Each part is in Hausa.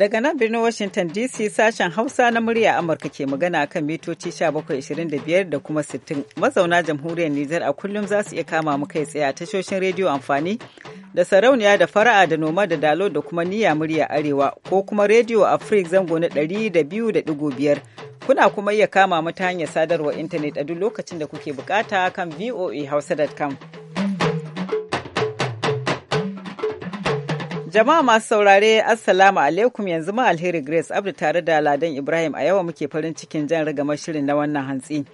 Daga nan birnin Washington DC sashen Hausa na murya Amurka ke magana kan mitoci 1725 da kuma 60. Mazauna jamhuriyar Nijar a kullum za su iya kama mu kai tsaye a tashoshin rediyo amfani da sarauniya da fara'a da noma da dalo da kuma niyya murya arewa ko kuma rediyo a Afrik zango na 200.5. Kuna kuma iya kama mu ta hanyar sadarwar intanet a duk lokacin da kuke bukata kan voahausa.com. Jama'a masu saurare Assalamu alaikum yanzu ma alheri Grace Abdu tare da Ladan Ibrahim a yawa muke farin cikin jan rigamar shirin na wannan hantsi.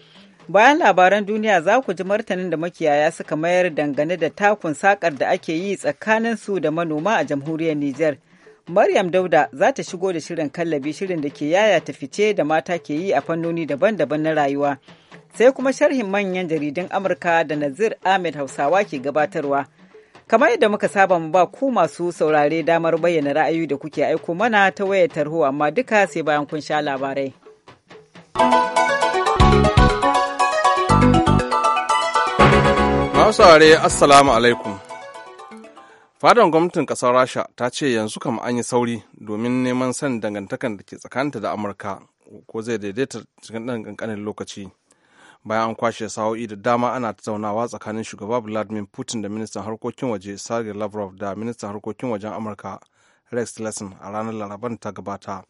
Bayan labaran duniya za ku ji martanin da makiyaya suka mayar dangane da takun sakar da ake yi tsakanin su da manoma a jamhuriyar Nijar. Maryam Dauda za ta shigo da shirin kallabi shirin da ke yaya ta fice da mata ke yi a fannoni daban-daban na rayuwa. Sai kuma sharhin manyan jaridun Amurka da Nazir Ahmed Hausawa ke gabatarwa. Kamar yadda muka saba mu ba ku masu saurare damar bayyana ra'ayoyi da kuke aiko mana ta wayar tarho amma duka sai bayan kun sha labarai. saurare assalamu alaikum fadan gwamnatin kasar rasha ta ce yanzu kama an yi sauri domin neman san dangantakan da ke tsakanta da amurka ko zai daidaita cikin ɗan ƙanƙanin lokaci bayan an kwashe sa'o'i da dama ana tattaunawa tsakanin shugaba vladimir putin da ministan harkokin waje sergey lavrov da ministan harkokin wajen amurka rex tillerson a ranar laraban ta gabata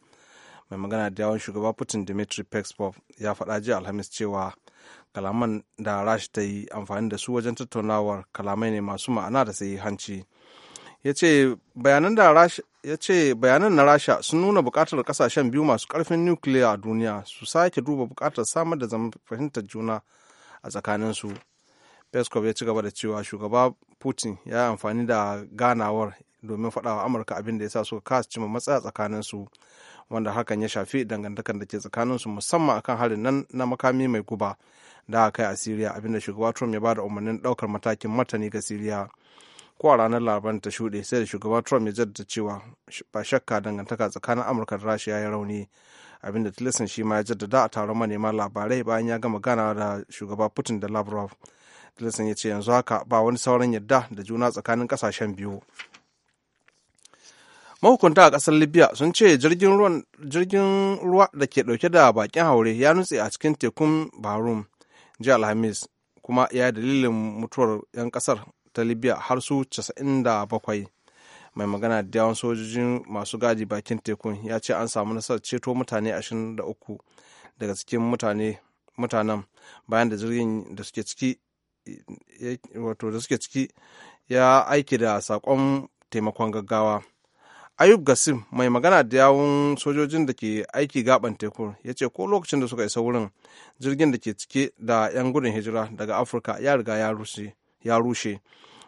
mai magana da yawon shugaba putin dmitry peskov ya faɗa jiya alhamis cewa kalaman da rashi ta yi amfani da su wajen tattaunawar kalamai ne masu ma'ana da sai hanci ya ce bayanan na rasha sun nuna bukatar kasashen biyu masu karfin nukiliya a duniya su sake duba bukatar samar da zaman fahimtar juna a tsakaninsu peskov ya ci gaba da cewa shugaba putin ya yi amfani da ganawar domin faɗawa amurka abin da ya sa suka kasa cima matsaya tsakaninsu wanda hakan ya shafi dangantakar da ke tsakaninsu musamman akan harin nan na makami mai guba da aka yi a siriya abinda shugaba trump ya ba da umarnin ɗaukar matakin matani ga siriya ko a ranar labarin ta shuɗe sai da shugaba trump ya jaddada cewa ba shakka dangantaka tsakanin amurka da rasha ya yi rauni abinda tilisan shi ma ya jaddada a taron manema labarai bayan ya gama ganawa da shugaba putin da lavrov tilisan ya ce yanzu haka ba wani sauran yadda da juna tsakanin kasashen biyu mahukunta a kasar libya sun ce jirgin ruwa da ke dauke da bakin haure ya nutse a cikin tekun barum jiya alhamis kuma ya dalilin mutuwar 'yan kasar. ta libya har su 97 mai magana da yawan sojojin masu gadi bakin tekun ya ce an samu nasarar ceto mutane 23 daga cikin mutane mutanen bayan da jirgin da suke ciki wato da ciki ya aiki da sakon taimakon gaggawa ayub gasim mai magana da yawun sojojin da ke aiki gaban tekun ya ce ko lokacin da suka isa wurin jirgin da ke cike da 'yan gudun hijira daga afirka ya riga ya rushe ya rushe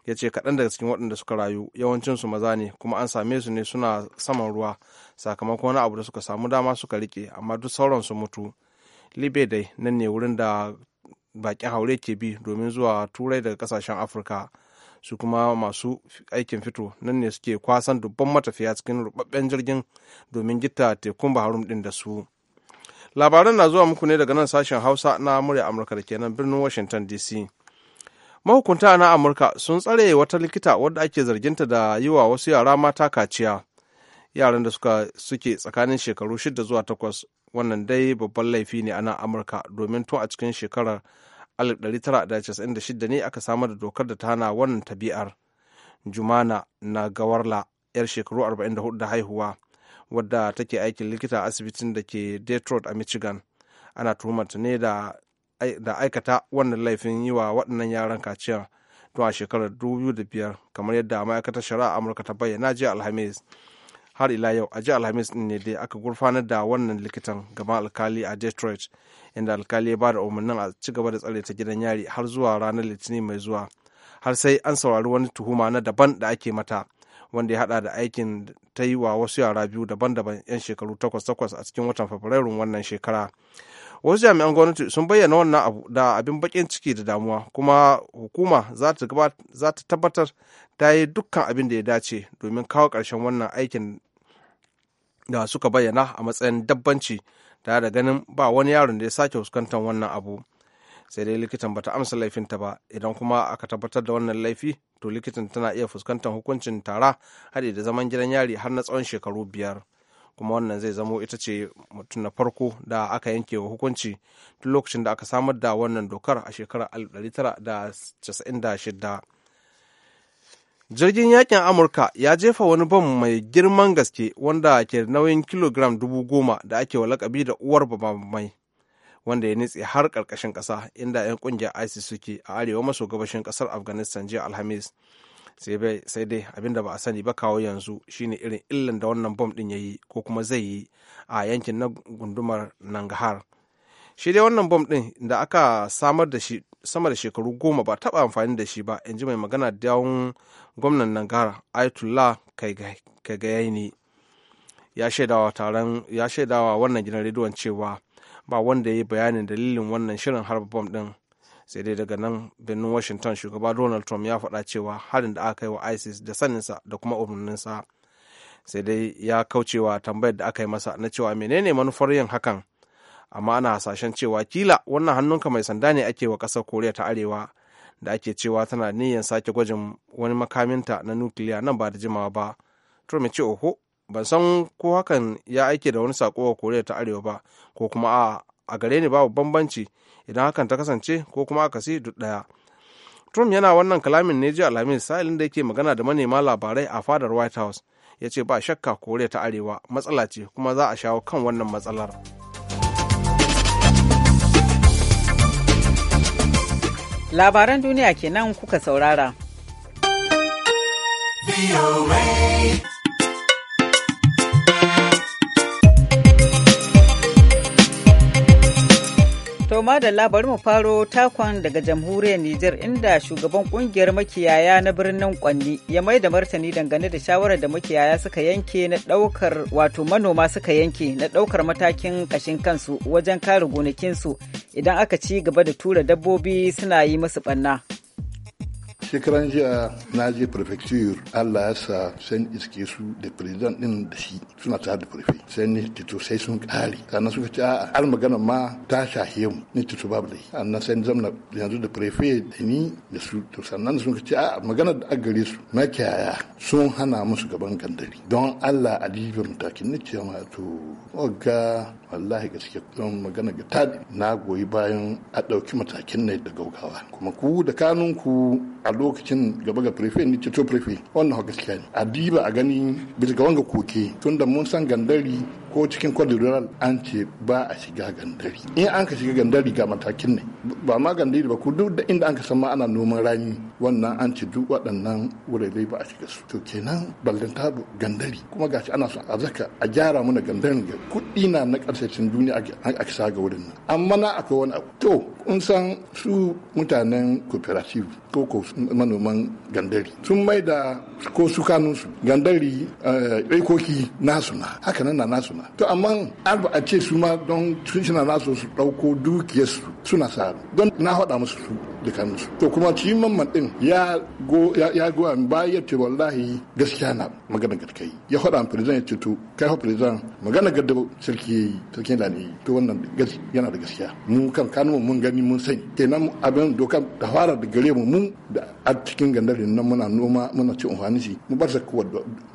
ya ce kaɗan daga cikin waɗanda suka rayu yawancinsu maza ne kuma an same su ne suna saman ruwa sakamakon wani abu da suka samu dama suka rike amma duk sauran su mutu libe dai nan ne wurin da bakin haure ke bi domin zuwa turai daga kasashen afirka su kuma masu aikin fito nan ne suke kwasan dubban matafiya cikin rubabben jirgin domin gita tekun baharum din da su labaran na zuwa muku ne daga nan sashen hausa na murya amurka da kenan birnin washington dc mahukunta na amurka sun tsare wata likita wadda ake zarginta da yi wa wasu yara mata kaciya yaran da suka suke tsakanin shekaru shida zuwa takwas wannan dai babban laifi ne a nan amurka domin tun a cikin shekarar 1996 ne aka samar da dokar da ta hana wannan tabi'ar jumana na gawarla yar shekaru 44 da haihuwa wadda take aikin likita asibitin da ke detroit a michigan ana tuhumarta ne da da aikata wannan laifin yi wa waɗannan yaran kaciya to a shekarar 2005 kamar yadda ma'aikatar shari'a amurka ta bayyana jiya alhamis har ila yau a jiya alhamis ne dai aka gurfanar da wannan likitan gaban alkali a detroit inda alkali ya ba da umarnin a ci gaba da tsare ta gidan yari har zuwa ranar litinin mai zuwa har sai an saurari wani tuhuma na daban da ake mata wanda ya hada da aikin ta yi wa wasu yara biyu daban-daban 'yan shekaru takwas-takwas a cikin watan fabrairun wannan shekara wasu jami'an gwamnati sun bayyana wannan abu da abin bakin ciki da damuwa kuma hukuma za ta tabbatar ta yi dukkan abin da ya dace domin kawo ƙarshen wannan aikin da suka bayyana a matsayin dabbanci da da ganin ba wani yaron da ya sake fuskantar wannan abu sai dai likitan bata amsa laifin ta ba idan kuma aka tabbatar da wannan laifi to likitan tana iya fuskantar hukuncin tara haɗe da zaman gidan yari har na tsawon shekaru biyar. kuma wannan zai zamo ita ce mutum na farko da aka yanke wa hukunci tun lokacin da aka samar da wannan dokar a shekarar 1996 jirgin yakin amurka ya jefa wani bam mai girman gaske wanda ke nauyin kilogram dubu goma da ake wa lakabi da uwar mai wanda ya nitse har karkashin ƙasa inda 'yan ƙungiyar isis suke a arewa maso gabashin ƙasar afghanistan jiya alhamis sai dai abin da ba a sani ba kawo yanzu shine irin illan da wannan bom din ya yi ko kuma zai yi a yankin na gundumar nangahar shi dai wannan bom din da aka samar da shi sama da shekaru goma ba taba amfani da shi ba in ji mai magana da yawon gwamnan nangahar ayatollah kagayaini ya shaidawa taron ya shaidawa wannan gidan rediyon cewa ba wanda ya yi bayanin dalilin wannan shirin harba bom din sai dai daga nan birnin washington shugaba donald trump ya faɗa cewa harin da aka kai wa isis da saninsa da kuma umarninsa sai dai ya kaucewa tambayar da aka yi masa na cewa menene manufar yin hakan amma ana hasashen cewa kila wannan hannunka mai sanda ne ake wa ƙasar koriya ta arewa da ake cewa tana niyyar sake gwajin wani makaminta na nukiliya nan ba da jimawa ba trump ya ce oho ban san ko hakan ya aike da wani sako wa koriya ta arewa ba ko kuma a a gare ni babu bambanci idan hakan ta kasance ko kuma aka akasi duk ɗaya trump yana wannan kalamin ne jiya alhamis sa'ilin da yake magana da manema labarai a fadar white house ya ce ba shakka koriya ta arewa matsala ce kuma za a shawo kan wannan matsalar labaran duniya kenan kuka saurara. To madalla bari mu faro takon daga jamhuriyar Nijar inda shugaban kungiyar makiyaya na birnin Kwanni ya mai da martani dangane da shawarar da makiyaya suka yanke na daukar wato manoma suka yanke na daukar matakin kashin kansu wajen kare gonakinsu idan aka ci gaba da tura dabbobi suna yi musu ɓanna. shekaran jiya na je prefecture allah ya sa san iske su da president din da shi suna tare da prefe sai ni tito sai sun kare sannan suka ce a'a al magana ma ta shahe mu ni tito babu dai annan sai zamna yanzu da prefe da ni da su to sannan sun ce a'a magana da aggare su makiyaya sun hana musu gaban gandari don allah a jibe mutaki ni ce ma to ga wallahi gaske don magana ga ta na goyi bayan a ɗauki matakin ne da gaugawa kuma ku da kanunku a lokacin gaba ga prefe ni ce to prefe wannan gaskiya ne a diba a gani bisa ga wanga koke tunda mun san gandari ko cikin kwadirural an ce ba a shiga gandari in an ka shiga gandari ga matakin ne ba ma gandari ba ku duk da inda an ka san ma ana noman rani wannan an ce duk waɗannan wurare ba a shiga su to kenan ballanta gandari kuma gashi ana son a zaka a gyara mana gandarin ga kuɗi na na ƙarshen duniya a kisa ga wurin nan amma na akwai wani abu to kun san su mutanen cooperative ko ko manoman gandari sun mai da ko su kanunsu gandari ɗaikoki eh, nasu na haka nan na nasu ma to amma an a ce su ma don sun suna nasu su dauko dukiyarsu suna sa don na hada musu su da kan musu to kuma ci mamman din ya go ya go an bayar ce wallahi gaskiya na magana ga kai ya haɗa firizan ya ce to kai firizan magana ga sarki yayi sarki da ne to wannan yana da gaskiya mu kan kanu mun gani mun sani kenan abin doka da fara da gare mu mun da a cikin gandarin nan muna noma muna ci amfani shi mu bar zakkuwar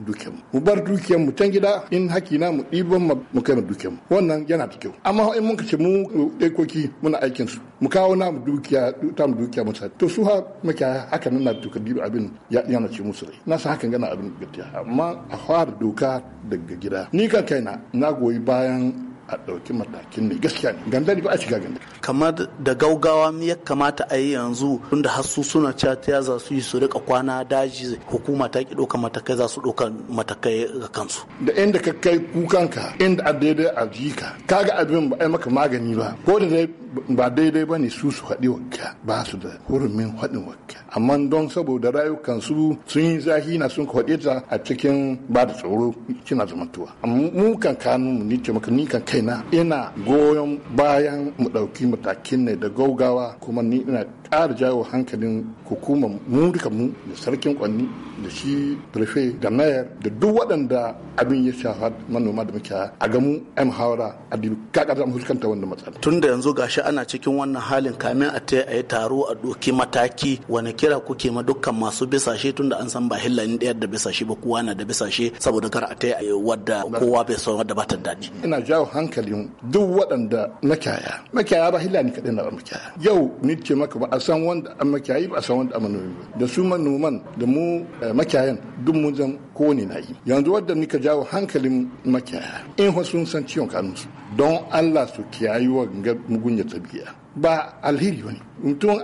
dukiyar mu bar dukiyar mu can gida in haki na mu ɗiba gwamma mu kai mu duke mu wannan yana da kyau amma in mun ce mu ɗaikoki muna aikin su mu kawo mu dukiya ta mu dukiya musa to su ha muke haka nan na duka dibi abin ya yana ce musu rai na sa hakan gana abin gaskiya amma a fara doka daga gida ni ka kaina na goyi bayan a ɗauki matakin ne gaskiya ne ganda ne ba a shiga ganda kamar da gaugawa ya kamata a yi yanzu tunda hasu suna cewa ta za su yi su rika kwana daji hukuma ta ki ɗauka matakai za su ɗauka matakai ga kansu da inda ka kai kukanka inda a daidai a jika kaga abin ba ai maka magani ba ko da dai ba daidai ba ne su su haɗi wakka ba su da hurumin haɗin wakka amma don saboda rayukan su sun yi zahi na sun haɗe ta a cikin ba da tsoro kina zamantuwa amma mu kan kanu mu ni maka ni kan kaina ina goyon bayan mu ɗauki matakin ne da gaugawa kuma ni ina ƙara jawo hankalin hukumar mu duka mu da sarkin kwanni da shi prefe da mayar da duk waɗanda abin ya shafa manoma da muke a gamu yan muhawara a dubi kakar da fuskanta wannan matsala tun da yanzu gashi ana cikin wannan halin kamin a ta a yi taro a doki mataki wani kira kuke ma dukkan masu bisashe tun da an san ba hillanin ɗayar da shi ba kowa na da shi saboda kar a ta yi wadda kowa bai son wadda ba ta daɗi ina jawo hankalin duk waɗanda makiyaya makiyaya ba hillani kaɗai na ba makiyaya yau ni ce maka ba a san wanda an makiyayi ba a san wanda an manomi ba da su manoman da mu eh, da makiyayan duk mun zan kowane na yi yanzu wadda nika jawo hankalin makiyaya in fa san ciwon kanunsu don allah su kiyayi wa mugunya tabiya ba alheri wani mutum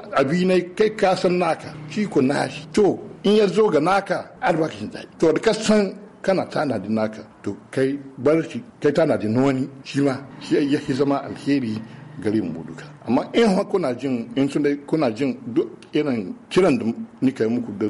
na kai kasan naka shi ko shi to in ya zo ga naka albarkacin zai to da kasan kana da naka to kai barci kai kai da wani shi ma shi ya zama alheri gare mu duka amma in kuna jin in dai kuna jin duk irin kiran da nika yi muku da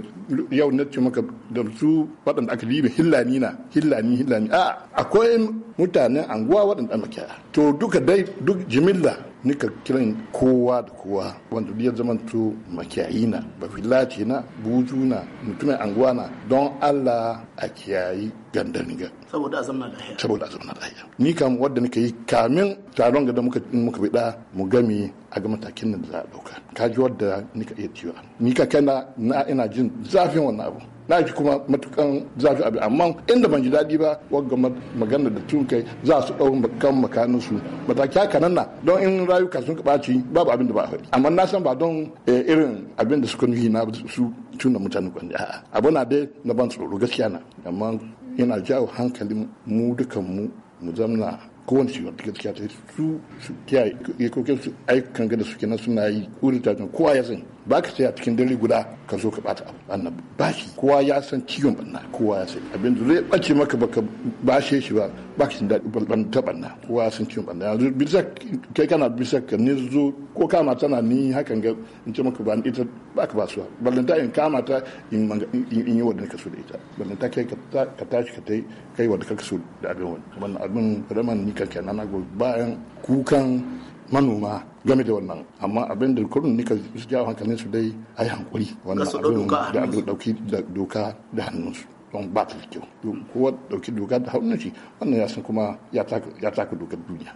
yau na ce maka da su waɗanda aka libe hillani na hillani hillani a akwai mutanen anguwa waɗanda maka to duka dai duk jimilla nika kiran kowa da kowa wanda ya zama to makiyayi na ba bafilaci na buju na mutumin anguwa na don allah a kiyayi gandaniga saboda a lahiya saboda azamna zamna lahiya ni kam wadda nika yi kamin taron ga da muka muka bida mu gami a ga matakin nan da za a dauka ka ji wadda ka iya cewa ni ka kana na ina jin zafin wannan abu na ji kuma matukan zafi abu amma inda ban ji daɗi ba wagga magana da tun kai za su ɗau kan makanin su mataki haka nan na don in rayuka sun baci babu abin da ba a faɗi amma na san ba don eh, irin abin da suka nuhi na su tun da mutane kwanci a'a abu na dai na ban tsoro gaskiya na amma ina jawo hankalin mu dukan mu mu zamna kowane shi wata gaskiya ta su su ya iyakokin su aikan gada su kenan suna yi wurin tajin kowa ya sani ba ka sai a cikin dare guda ka zo ka bata abu annan bashi kowa ya san ciwon banna kowa ya san abin da zai bace maka baka bashe shi ba ba ka daɗi ban ta banna kowa ya san ciwon banna yanzu bisa kai kana bisa ka ne zo ko kama tana ni hakan ga in ce maka ba ni ita ba ka basuwa ballanta in kama ta in yi wadda ka so da ita ballanta kai ka tashi ka tai kai wadda ka so da abin wani wannan abin raman ni kanka na ba bayan kukan manoma game da wannan amma abin da kurun nika jawo hankalin su dai a yi hankuri wannan abin da dauki doka da hannunsu don ba ta da kyau kowa dauki doka da hannun shi wannan ya kuma ya taka dokar duniya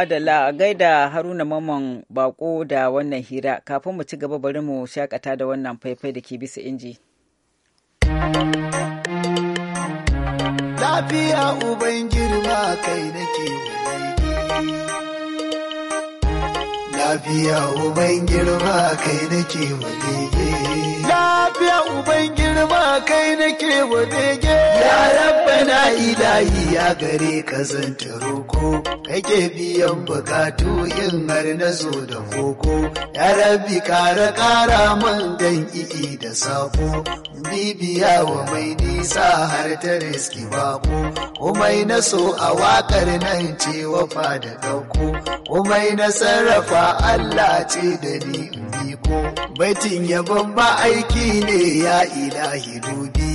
madalla a gaida haruna maman bako da wannan hira kafin mu ci gaba bari mu shakata da wannan faifai da ke bisa inji lafiya uban girma kai nake lafiya uban girma kai nake wadege lafiya uban girma kai nake wadege ilahi ya gare ka zanta roko kake biyan bukatu yin har na zo da koko ya rabi kara kara man dan i'i da sako bibiya wa mai nisa har ta reski bako na so a wakar nan ce wafa da dauko kuma na sarrafa Allah ce da ni in biko baitin yabon ba aiki ne ya ilahi dubi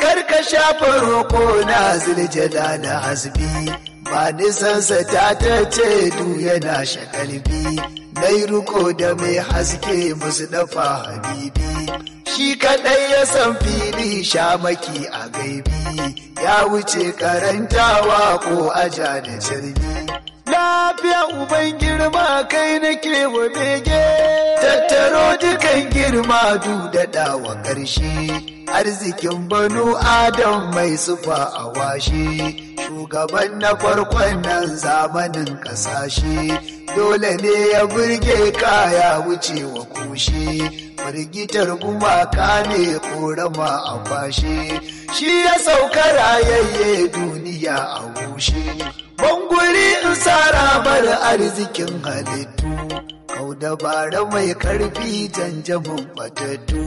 karka shafa roƙo na ziljada da hasbi ba nisansa ta ta ce du yana shakalbi mai ruko da mai haske musu dafa habibi shi kaɗai ya san fili shamaki a gaibi ya wuce karantawa ko aja da jirgi lafiya uban girma kai nake wa bege tattaro dukan girma du daɗawa ƙarshe arzikin banu adam mai sufa a washe shugaban na farkon nan zamanin kasashe dole ne ya burge kaya wuce wa kushe firgitar gumaka ne korama a fashe shi ya sauka rayayye duniya a wushe banguri in sara bar arzikin halittu dabara mai karfi janjamin fatattu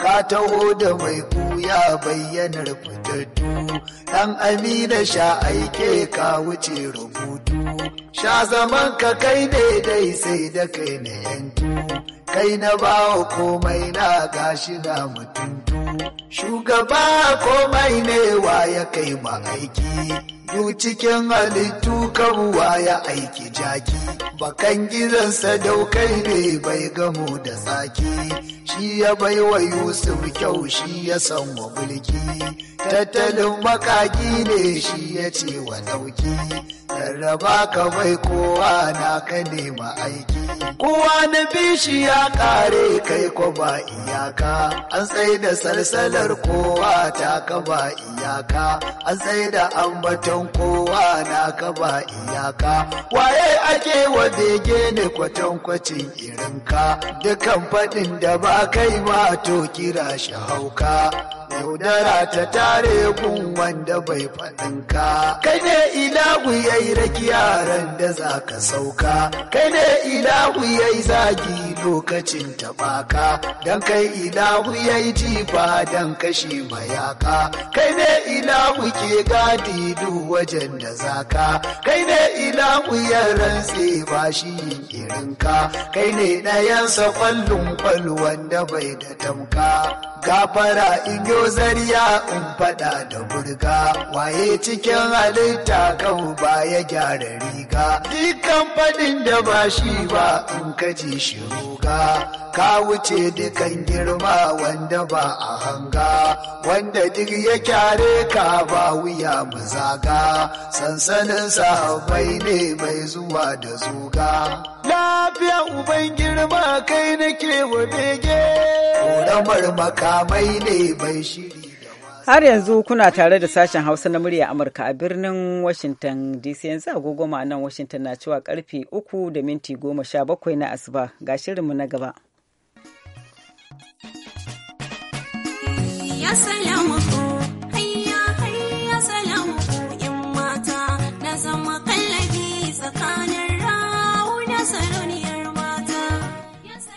ka taho da mai kuya bayyanar fatattu ɗan amina sha aike ka wuce rubutu sha zaman ka kai dai sai da kai na yantu kai na bawa komai na gashi na mutuntu shugaba komai ne wa ya kai ma aiki duk cikin halittu kabuwa ya aiki jaki bakan gizansa daukai ne bai gamo da tsaki shi ya bai wa yusuf kyau shi ya san wa mulki tattalin makaki ne shi ya ce wa dauki jarraba ka bai kowa na ka nema aiki kowa na bishi ya kare kai ko ba iyaka an tsaye da salsalar kowa ta ka ba iyaka an tsaye da ambaton kowa na ka ba iyaka waye ake wa bege ne kwatankwacin irinka dukan faɗin da ba kai ma to kira shi hauka yaudara ta tare gun wanda bai faɗinka kai ne ilahu ya yi raki yaran da za ka sauka kai ne ilahu ya yi zagi lokacin taɓaka Dan kai ilahu ya yi jifa don kashi mayaka kai ne ilahu ke gadi duk wajen da zaka kai ne za kuyaran rantse ba shi irinka kai ne ɗayansa kwallon kwal wanda bai da tamka gafara igyo zariya in faɗa da burga waye cikin halitta kan ba ya gyara riga dukkan kamfanin da ba shi ba in kaji shiru hanga ka wuce dukan girma wanda ba a hanga wanda duk ya kyare ka ba wuya mu zaga sansanin sahabbai ne mai zuwa da zuga lafiya uban girma kai nake wa bege ƙoramar makamai ne bai shiga. Har yanzu kuna tare da sashen Hausa na murya Amurka a birnin Washington DC yanzu agogo ma nan Washington na cewa karfe uku da minti goma sha bakwai na asuba ga shirinmu na gaba.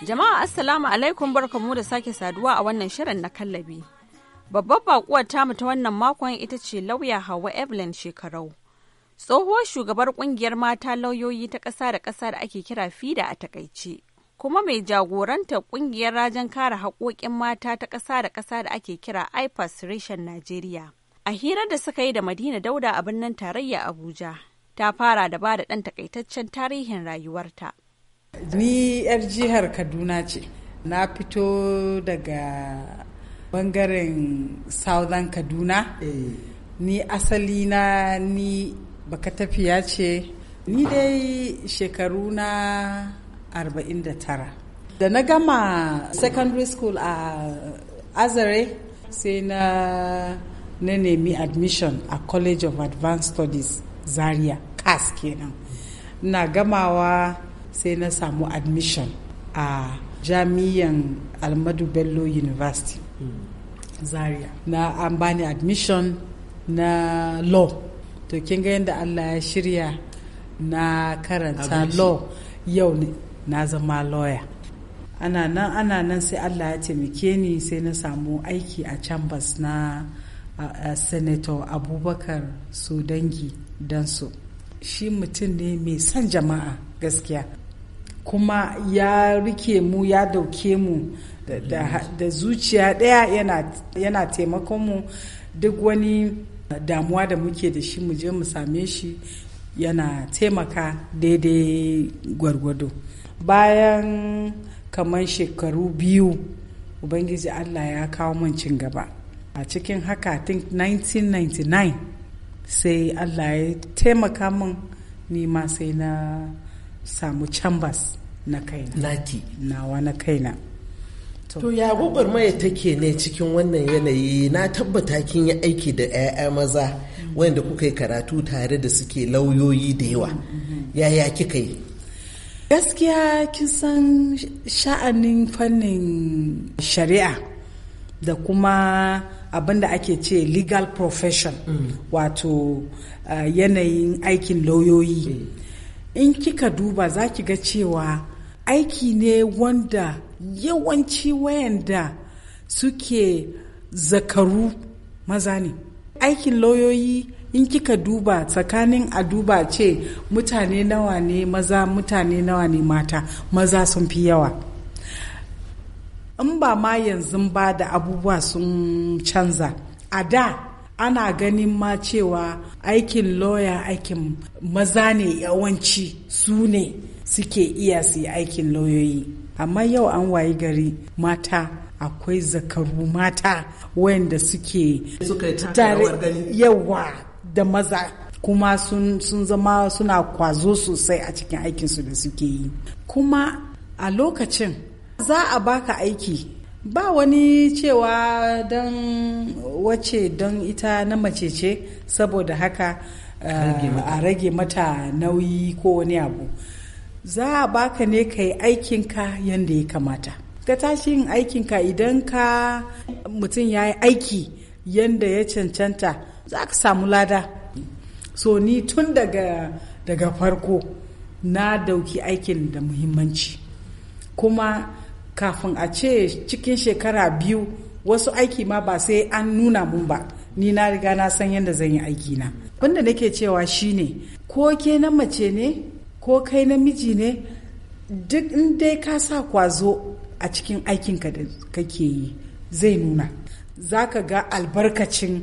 Jama'a Assalamu alaikum barkamu da sake saduwa a wannan shirin na kallabi. Babbar bakuwar tamu ta wannan makon ita ce lauya Hawa Evelyn shekarau. Tsohuwar shugabar kungiyar mata lauyoyi ta ƙasa da ƙasa da ake kira FIDA a takaice. Kuma mai jagoranta kungiyar rajin kare haƙoƙin mata ta ƙasa da ƙasa da ake kira IPAS reshen Najeriya. A hirar da suka yi da Madina Dauda a birnin tarayya Abuja, ta fara da ba da ɗan takaitaccen tarihin rayuwarta. Ni 'yar jihar Kaduna ce. Na fito daga bangaren southern kaduna eh. ni asali na ni baka tafiya ce ni dai shekaru na 49 da na gama secondary school a azare sai na na nemi admission a college of advanced studies zaria cas kenan na gamawa sai na samu admission a jami'an almadu bello university zaria na an bani admission na law to kin ga yadda allah ya shirya na karanta law yau ne na zama lawyer ana nan ana nan sai allah ya taimake ni sai na samu aiki a chambers na senator abubakar su dangi su shi mutum ne mai son jama'a gaskiya kuma ya rike mu ya dauke mu da zuciya ɗaya yana taimakon mu duk wani damuwa da muke da shi mu je mu same shi yana taimaka daidai gwargwado bayan kamar shekaru biyu ubangiji allah ya kawo mun cin gaba a cikin haka tun 1999 sai allah ya taimaka min nima sai na samu chambers na kaina nawa na kaina To ya gwagwarmaya take ne cikin wannan yanayi na tabbata kin yi aiki da 'ya'ya maza wanda kuka yi karatu tare da suke lauyoyi da yawa. Yaya kika yi? Gaskiya kin san sha'anin fannin shari'a da kuma abin da ake ce legal profession mm. wato yanayin aikin lauyoyi. Mm. In kika duba za ki ga cewa aiki ne wanda yawanci wayanda suke zakaru maza ne aikin lauyoyi in kika duba tsakanin a duba ce mutane nawa ne maza mutane nawa ne mata maza sun fi yawa in ba ma yanzu ba da abubuwa sun canza a da ana ganin ma cewa aikin lauya aikin maza ne yawanci su ne suke iya su yi aikin lauyoyi amma yau an wayi gari mata akwai zakaru mata wayanda suke tare yawa da maza kuma sun, sun zama suna kwazo sosai a cikin aikinsu da suke yi kuma a lokacin za a baka aiki ba wani cewa don wace don ita na mace ce saboda haka uh, a rage mata nauyi ko wani abu za a baka ne ka yi aikinka yadda ya kamata ka tashi yin aikinka idan ka mutum ya yi aiki yadda ya cancanta za ka samu lada so ni tun daga daga farko na dauki aikin da muhimmanci kuma kafin a ce cikin shekara biyu wasu aiki ma ba sai an nuna mun ba ni na riga na san yadda zan yi aiki na wanda nake cewa shine ko ke na mace ne ko kai namiji ne duk in dai ka sa kwazo a cikin aikinka da kake yi zai nuna za ka ga albarkacin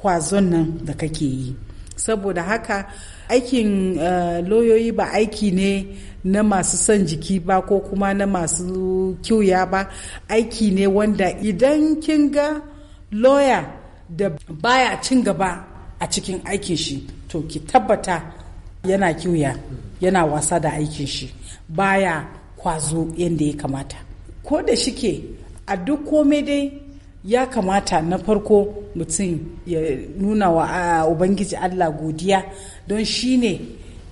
kwazon nan da kake yi saboda haka aikin uh, eh, loyoyi ba aiki ne na masu son jiki ba ko kuma na masu kyuya ba aiki ne wanda idan kin ga lawyer da baya cin gaba a cikin aikin shi to ki tabbata yana kiwuya yana wasa da aikin shi baya kwazo yadda ya kamata ko da shike a duk komai dai ya kamata na farko mutum ya nuna wa ubangiji allah godiya don shi ne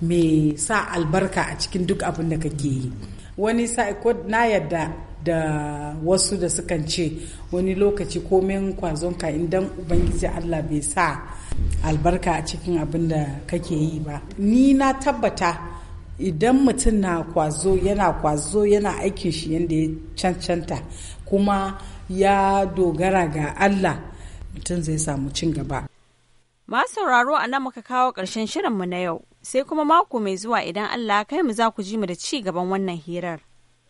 mai sa albarka a cikin duk abin da kake yi wani sa na yadda da wasu da sukan ce wani lokaci komen kwazonka idan ubangiji allah bai sa albarka a cikin abin da kake yi ba ni na tabbata idan mutum na kwazo yana kwazo yana aikin shi yadda ya cancanta kuma ya dogara ga allah mutum zai samu cin gaba ma sauraro a nan muka kawo ƙarshen shirinmu na yau sai kuma mako mai zuwa idan allah kai mu za ku ji mu da ci gaban wannan hirar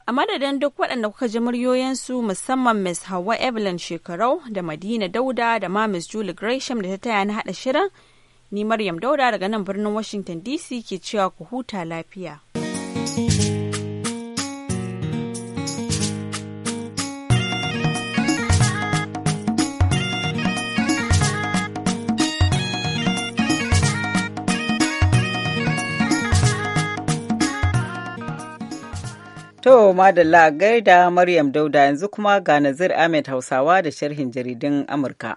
A madadin duk waɗanda kuka ji muryoyinsu musamman Ms. Hawa Evelyn Shekarau da Madina Dauda da ma Ms. Julie Gresham da ta taya na haɗa shirin, ni Maryam Dauda daga nan birnin Washington DC ke cewa ku huta lafiya. To madalla gaida Maryam Dauda yanzu kuma ga Nazir Ahmed Hausawa da sharhin jaridun Amurka.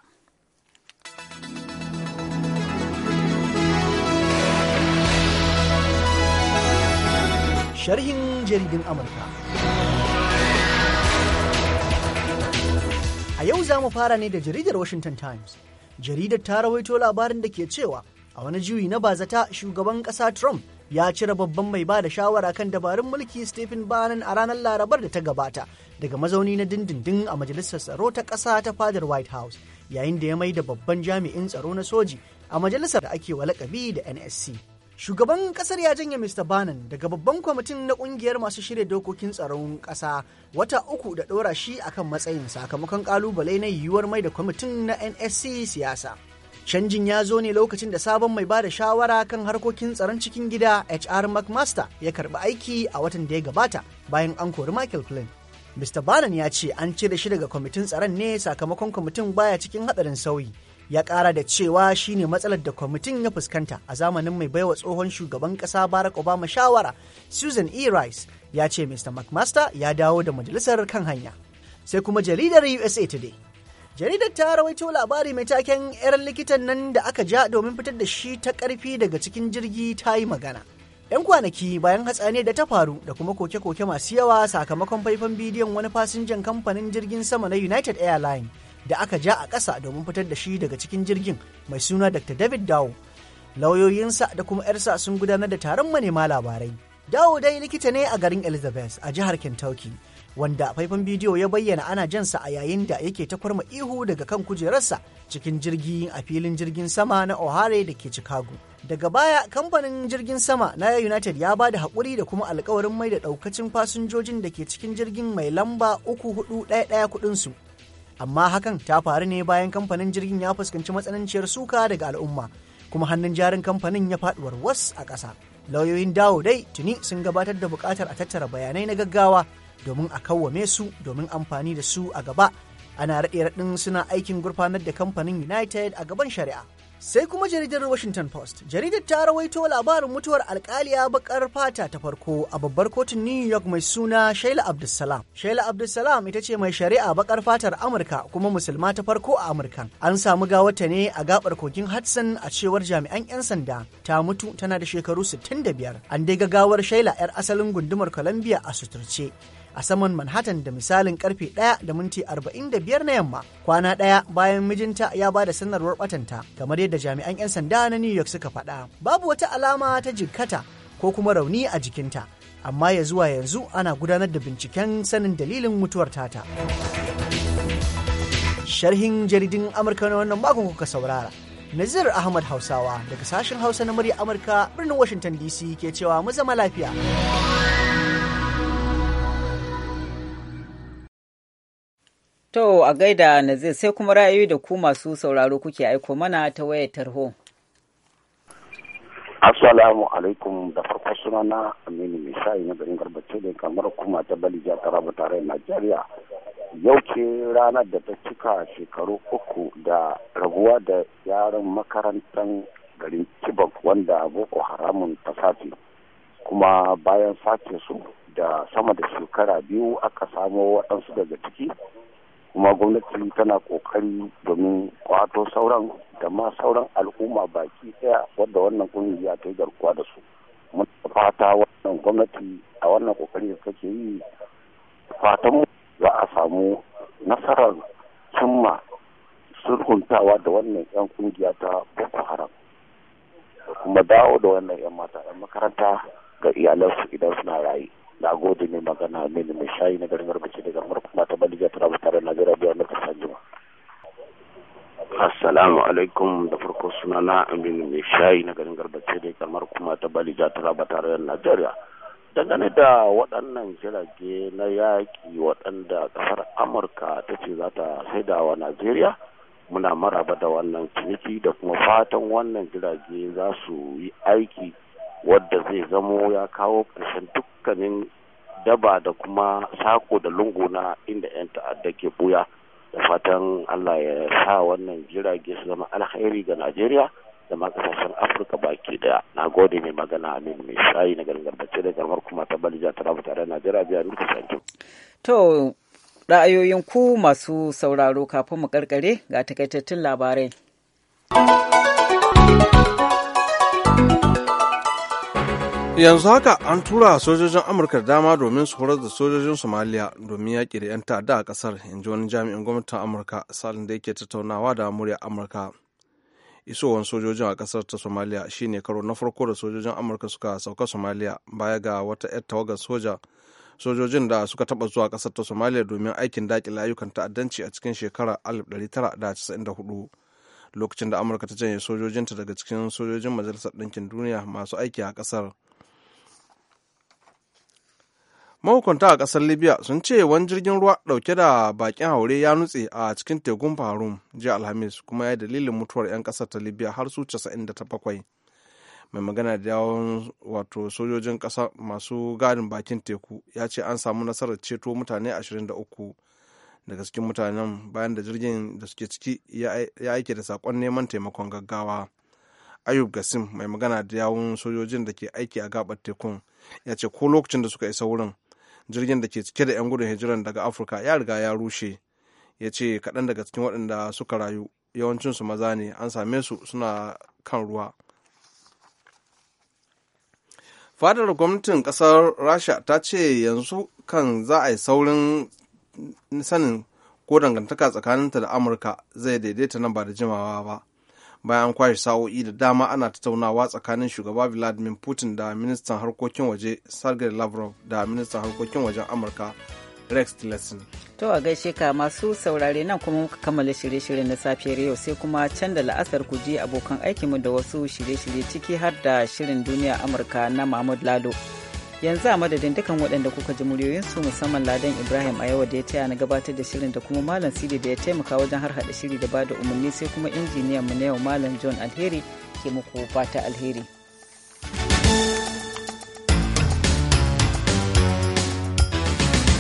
Sharhin jaridun Amurka. A yau za mu fara ne da jaridar Washington Times. Jaridar ta rawaito labarin da ke cewa a wani juyi na bazata shugaban ƙasa Trump ya cire babban mai ba da shawara kan dabarun mulki Stephen Bannon a ranar Larabar da ta gabata daga mazauni na dindindin a majalisar tsaro ta ƙasa ta fadar White House yayin da ya mai da babban jami'in tsaro na soji a majalisar da ake walakabi da NSC. Shugaban kasar ya janye Mr. Bannon daga babban kwamitin na kungiyar masu shirya dokokin tsaron ƙasa wata uku da ɗora shi akan matsayin sakamakon ƙalubale na yiwuwar mai da kwamitin na NSC siyasa. Canjin ya zo ne lokacin da sabon mai bada shawara kan harkokin tsaron cikin gida HR McMaster ya karɓi aiki a watan da ya gabata bayan an kori Michael Flynn. Mr. Bannon ya ce an cire shi daga kwamitin tsaron ne sakamakon kwamitin baya cikin hadarin sauyi. Ya kara da cewa shi ne matsalar da kwamitin ya fuskanta a zamanin mai baiwa tsohon shugaban ƙasa Barack Obama shawara Susan E. Rice ya ce Mr. McMaster ya dawo da majalisar kan hanya. Sai kuma jaridar USA Today jaridar ta rawaito labari mai taken 'yar likitan nan da aka ja domin fitar da shi ta karfi daga cikin jirgi ta yi magana 'yan kwanaki bayan ne da ta faru da kuma koke-koke masu yawa sakamakon faifan bidiyon wani fasinjan kamfanin jirgin sama na united airlines da aka ja a ƙasa domin fitar da shi daga cikin jirgin mai suna dr david dawo lauyoyinsa da kuma 'yarsa sun gudanar da taron manema labarai dawo dai likita ne a garin elizabeth a jihar kentucky wanda faifan bidiyo ya bayyana ana jansa a yayin da yake ta kwarma ihu daga kan kujerarsa cikin jirgi a filin jirgin sama na O'Hare da ke Chicago. Daga baya kamfanin jirgin sama na United ya ba da haƙuri da kuma alkawarin mai da ɗaukacin fasinjojin da ke cikin jirgin mai lamba 3411 kuɗinsu. Amma hakan ta faru ne bayan kamfanin jirgin ya fuskanci matsananciyar suka daga al'umma, kuma hannun jarin kamfanin ya faɗuwar was a ƙasa. Lauyoyin dawo dai tuni sun gabatar da buƙatar a tattara bayanai na gaggawa domin a kawwame su domin amfani da su a gaba ana raɗe raɗin suna aikin gurfanar da kamfanin united a gaban shari'a sai kuma jaridar washington post jaridar ta rawaito labarin mutuwar alkaliya bakar fata ta farko a babbar kotun new york mai suna shaila abdulsalam shaila abdulsalam ita ce mai shari'a bakar fatar amurka kuma musulma ta farko a amurka an samu gawata ne a gabar kogin hudson a cewar jami'an 'yan sanda ta mutu tana da shekaru 65 an dai gawar shaila 'yar asalin gundumar columbia a suturce a saman Manhattan da misalin karfe 1 da minti 45 na yamma kwana ɗaya bayan mijinta ya ba da sanarwar batanta kamar yadda jami'an 'yan sanda na New York suka faɗa. Babu wata alama ta jikkata ko kuma rauni a jikinta, amma ya zuwa yanzu ana gudanar da binciken sanin dalilin mutuwar tata. Sharhin jaridin Amurka na wannan makon kuka saurara. Nazir Ahmad Hausawa daga sashen Hausa na murya Amurka birnin Washington DC ke cewa mu zama lafiya. To a gaida na zai sai kuma ra'ayoyi da ku masu sauraro kuke aiko mana ta wayar tarho. Assalamu alaikum da farko sunana Aminu Mishayi na garin Garbace da kamar kuma ta Balija ta raba tare Najeriya. Yau ce ranar da ta cika shekaru uku da raguwa da yaran makarantar garin Chibok wanda Boko Haramun ta sace. Kuma bayan sace su da sama da shekara biyu aka samo waɗansu daga ciki kuma gwamnati tana kokari domin kwato sauran da ma sauran al'umma baki daya wadda wannan kungiya ta yi garkuwa da su mun fata wannan gwamnati a wannan kokari da take yi fatan za a samu nasarar cimma sulhuntawa da wannan yan kungiya ta boko haram da kuma dawo da wannan yan mata yan makaranta ga iyalansu idan suna raye na gode mai magana mini mai shayi na garin garbace daga murkuma ta balija tura ba tare najeriya biyar na kasan juma assalamu alaikum da farko suna na amin mai shayi na garin garbace da kamar kuma ta balija tura ba tare najeriya dangane da waɗannan jirage na yaƙi waɗanda ƙasar amurka ta ce za ta saidawa najeriya muna maraba da wannan ciniki da kuma fatan wannan jirage za su yi aiki wadda zai zamo ya kawo ƙarshen dukkanin daba da kuma sako da lungu na inda 'yan ta'adda ke buya da fatan allah ya sa wannan jirage su zama alkhairi ga najeriya da ma kasashen afirka baki daya na gode mai magana amin mai shayi na gargarbace da garmar kuma ta balija ta rabu tare najeriya biya nuka sanjo to ra'ayoyin ku masu sauraro kafin mu karkare ga takaitattun labarai yanzu haka an tura sojojin amurka dama domin su horar da sojojin somaliya domin yaƙi da 'yan ta'adda a ƙasar in ji wani jami'in gwamnatin amurka salin da yake tattaunawa da murya amurka isowar sojojin a ƙasar ta somaliya shine karo na farko da sojojin amurka suka sauka somaliya baya ga wata 'yar tawagar soja sojojin da suka taɓa zuwa ƙasar ta somaliya domin aikin daƙile ayyukan ta'addanci a cikin shekarar 1994 lokacin da amurka ta janye sojojinta daga cikin sojojin majalisar ɗinkin duniya masu aiki a ƙasar mahukunta a kasar libya sun ce wani jirgin ruwa dauke da bakin haure ya nutse a cikin tekun farum jiya alhamis kuma ya dalilin mutuwar 'yan kasar ta libya har su 97 mai magana da yawon wato sojojin kasa masu gadin bakin teku ya ce an samu nasarar ceto mutane 23 daga cikin mutanen bayan da jirgin da suke ciki ya aike da saƙon neman taimakon gaggawa ayub gasim mai magana da yawon sojojin da ke aiki a gabar tekun ya ce ko lokacin da suka isa wurin jirgin da ke cike da 'yan gudun hijiran daga afirka ya riga ya rushe ya ce kaɗan daga cikin waɗanda suka rayu yawancinsu maza ne an same su suna kan ruwa fadar gwamnatin ƙasar rasha ta ce yanzu kan za a yi saurin sanin ko dangantaka tsakaninta da amurka zai daidaita nan ba da jimawa ba bayan an kwashe sa'o'i da dama ana tattaunawa tsakanin shugaba vladimir putin da ministan harkokin waje sergei lavrov da ministan harkokin wajen amurka rex tillerson to a gaishe ka masu saurare nan kuma muka kammala shirye-shirye na safiyar yau sai kuma can da la'asar ku je abokan aikinmu da wasu shirye-shirye ciki har da shirin duniya amurka na mahmud lado yanzu a madadin dukan waɗanda kuka ji muryoyinsu musamman ladan ibrahim a yawa da ya taya na gabatar da shirin da kuma malam sidi da ya taimaka wajen har hada shiri da bada umarni sai kuma injiniyan mu na yau malam john alheri ke muku fata alheri.